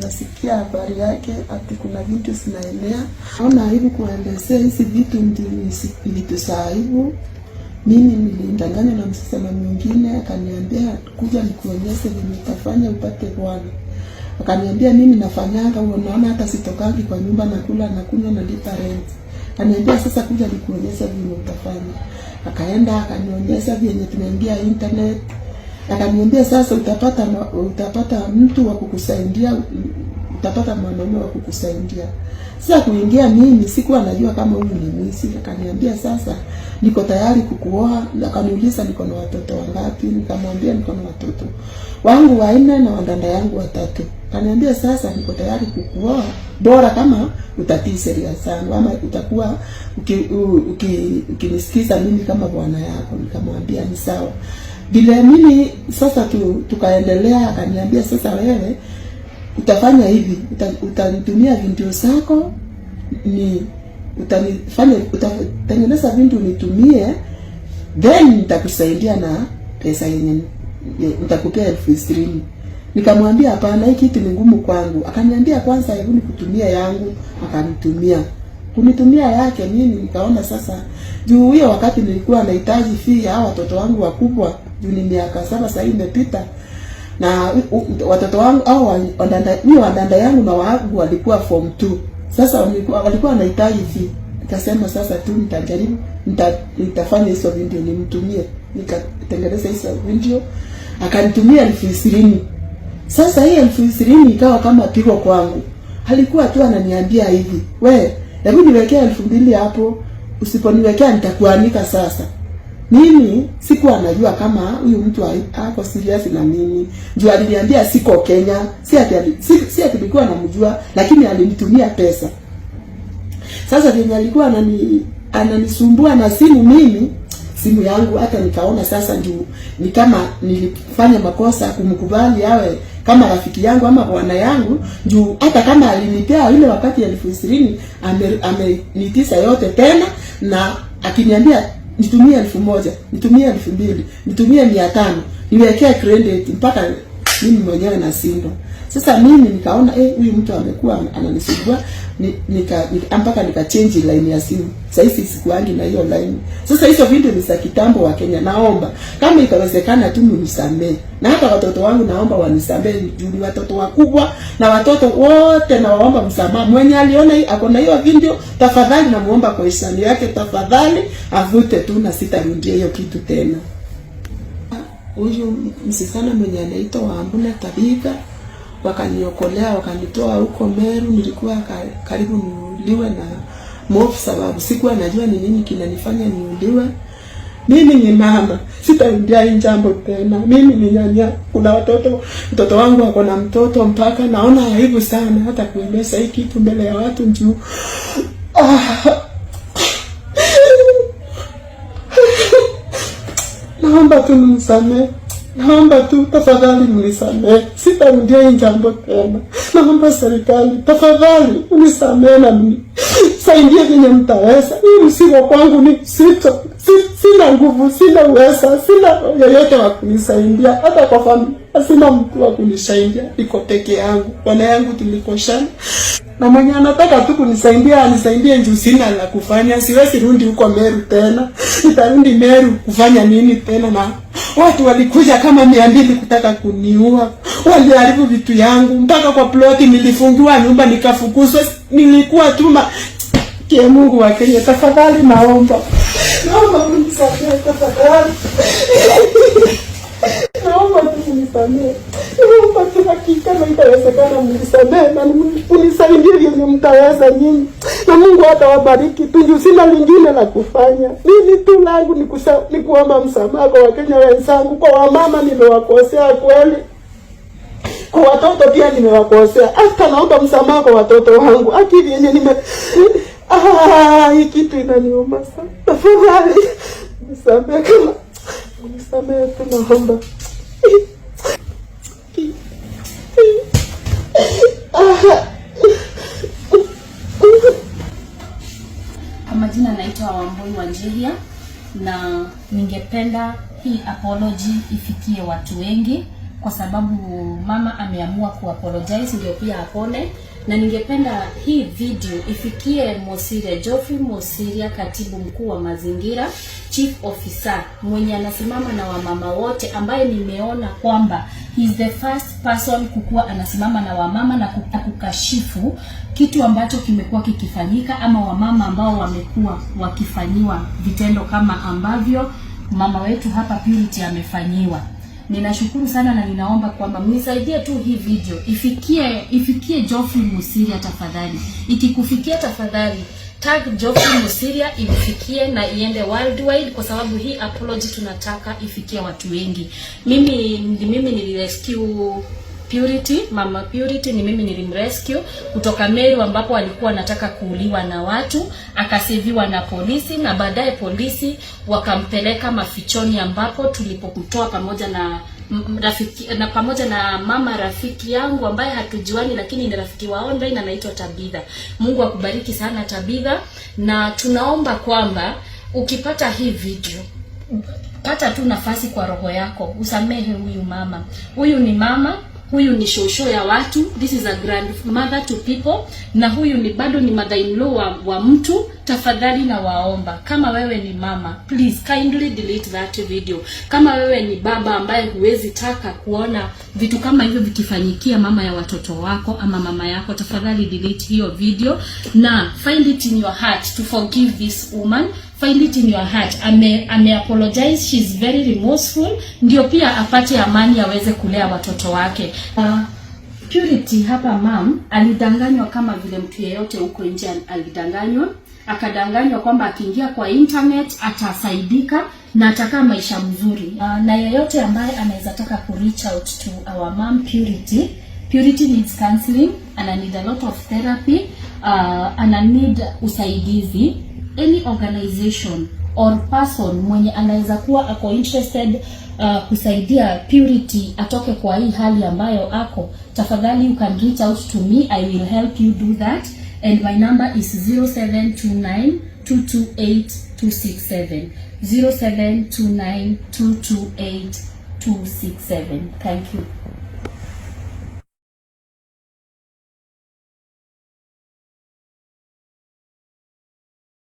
nasikia habari yake ati kuna vitu zinaendea. Naona aibu kuelezea hizi vitu, ndio vitu za aibu. Mimi nilidanganywa na msisema mwingine, akaniambia kuja nikuonyeshe vile utafanya upate Bwana. Akaniambia mimi nafanyanga, unaona hata sitokangi kwa nyumba, nakula nakunywa na lipa rent. Aniambia sasa, kuja nikuonyesha vile utafanya. Akaenda akanionyesha vyenye tunaingia internet Akaniambia sasa, utapata utapata mtu wa kukusaidia, utapata mwanaume wa kukusaidia. Sasa kuingia mimi sikuwa najua kama huyu ni mwizi. Akaniambia sasa, niko tayari kukuoa. Akaniuliza niko na watoto wangapi, nikamwambia niko na watoto wangu wanne na wadada yangu watatu. Akaniambia sasa, niko tayari kukuoa, bora kama utatii sheria zangu ama utakuwa ukinisikiza uki, uki, uki mimi kama bwana yako. Nikamwambia ni sawa. Bila mimi sasa tu, tukaendelea akaniambia, sasa wewe utafanya hivi, utanitumia video zako ni utanifanya utatengeneza vintu nitumie, then nitakusaidia na pesa yenye nitakupea elfu ishirini. Nikamwambia hapana, hii kitu ni ngumu kwangu. Akaniambia kwanza, hebu nikutumia yangu, akanitumia kunitumia yake mimi nikaona sasa, juu hiyo wakati nilikuwa nahitaji fee ya watoto wangu wakubwa, juu ni miaka saba sasa hii imepita, na watoto wangu au wadanda hiyo wadanda yangu na wangu walikuwa form 2 sasa, walikuwa walikuwa wanahitaji fee. Nikasema sasa tu nitajaribu, nita, nitafanya hizo video nimtumie, nikatengeneza hizo video, akanitumia elfu ishirini. Sasa hii elfu ishirini ikawa kama pigo kwangu, alikuwa tu ananiambia hivi, wewe hebu niwekea elfu mbili hapo, usiponiwekea nitakuanika sasa. Mimi sikuwa najua kama huyu mtu ako serious na mimi. Juu aliniambia siko Kenya, si ati si ati nilikuwa namjua, lakini alinitumia pesa. Sasa venye alikuwa anani ananisumbua na simu mimi, simu yangu hata nikaona sasa juu ni kama nilifanya makosa kumkubali awe kama rafiki yangu ama bwana yangu, juu hata kama alinipea ile wakati ya elfu ishirini amenitisa ame yote tena, na akiniambia nitumie elfu moja nitumie elfu mbili nitumie mia tano niwekea credit mpaka mimi mwenyewe nashindwa. Sasa mimi nikaona eh, huyu mtu amekuwa ananisumbua nika, nika mpaka nika change line ya simu. Sasa hivi sikuangi na hiyo line. Sasa hizo video ni za kitambo wa Kenya. Naomba kama itawezekana tu mnisamee. Na hata watoto wangu naomba wanisamee juu ni watoto wakubwa na watoto wote nawaomba msamaha. Mwenye aliona hii ako na hiyo video tafadhali namuomba kwa hisani yake tafadhali avute tu na sitarudia hiyo kitu tena. Huyu msichana mwenye anaitwa Wambura Tabika wakaniokolea, wakanitoa huko Meru. Nilikuwa karibu niuliwe na mofu sababu sikuwa najua ni nini kinanifanya niuliwe. Mimi ni mama, sitarudia hii jambo tena. Mimi ni nyanya, kuna watoto, mtoto wangu ako na mtoto, mpaka naona aibu sana hata kuendesha hii kitu mbele ya watu juu ah. naomba tu nimsamehe. Naomba tu tafadhali mnisamehe, sitarudia hii jambo tena. Naomba serikali tafadhali unisamehe na mnisaidie venye mtaweza. Hii msiba kwangu ni sito, sina nguvu, sina uweza, sina yeyote wa kunisaidia, hata kwa familia sina mtu wa kunisaidia, iko peke yangu. Bwana yangu tulikoshana na mwenye anataka tu kunisaidia anisaidie, njuu sina la kufanya. Siwezi rudi huko Meru tena, nitarudi Meru kufanya nini tena na Watu walikuja kama mia mbili kutaka kuniua, waliharibu vitu yangu mpaka kwa ploti, nilifungiwa nyumba nikafukuzwa. Nilikuwa tuma ke Mungu wa Kenya, tafadhali naomba, naomba mnisaidie tafadhali, naomba unisamehe, nipatie haki kama itawezekana, mnisamehe na mnisaidie vyenye mtaweza nyinyi, na Mungu atawabariki tu, juu sina lingine la kufanya. Mimi tu langu ni kuomba msamaha kwa Wakenya wenzangu, kwa wamama nimewakosea kweli kwa watoto pia nimewakosea, hata naomba msamaha kwa watoto wangu. Aki vyenye nime ah, hii kitu inaniuma sana. Tafadhali nisamehe, kama nisamehe tu, naomba Wambui Wanjihia, na ningependa hii apology ifikie watu wengi, kwa sababu mama ameamua kuapologize, ndio pia apone na ningependa hii video ifikie Mosiria, Geoffrey Mosiria, katibu mkuu wa mazingira, chief officer mwenye anasimama na wamama wote, ambaye nimeona kwamba is the first person kukuwa anasimama na wamama na kukashifu kitu ambacho kimekuwa kikifanyika ama wamama ambao wamekuwa wakifanyiwa vitendo kama ambavyo mama wetu hapa Purity amefanyiwa. Ninashukuru sana na ninaomba kwamba mnisaidie tu hii video ifikie ifikie Geoffrey Musiria tafadhali. Ikikufikia tafadhali tag Geoffrey Musiria imfikie na iende worldwide, kwa sababu hii apology tunataka ifikie watu wengi. Mimi mimi nilirescue Purity, Mama Purity ni mimi nilimrescue kutoka Meru ambapo alikuwa anataka kuuliwa na watu, akasiviwa na polisi na baadaye polisi wakampeleka mafichoni ambapo tulipomtoa pamoja na rafiki na pamoja na mama rafiki yangu ambaye hatujuani, lakini ni rafiki wa online anaitwa Tabitha. Mungu akubariki sana Tabitha, na tunaomba kwamba ukipata hii video pata tu nafasi kwa roho yako, usamehe huyu mama. Huyu ni mama huyu ni shosho ya watu, this is a grandmother to people, na huyu ni bado ni mother in law wa, wa mtu. Tafadhali na waomba, kama wewe ni mama, please kindly delete that video. Kama wewe ni baba ambaye huwezi taka kuona vitu kama hivyo vikifanyikia mama ya watoto wako ama mama yako, tafadhali delete hiyo video na find it in your heart to forgive this woman. Find it in your heart. Ame, ame apologize, she's very remorseful, ndio pia apate amani aweze kulea watoto wake. Uh, Purity hapa mam alidanganywa kama vile mtu yeyote huko nje alidanganywa, akadanganywa kwamba akiingia kwa internet atasaidika na atakaa maisha mzuri. Uh, na yeyote ambaye anaweza taka ku reach out to our mom Purity, Purity needs counseling, ana need a lot of therapy, uh, ana need usaidizi any organization or person mwenye anaweza kuwa ako interested uh, kusaidia Purity atoke kwa hii hali ambayo ako, tafadhali you can reach out to me, I will help you do that and my number is 0729 228 267 Thank you.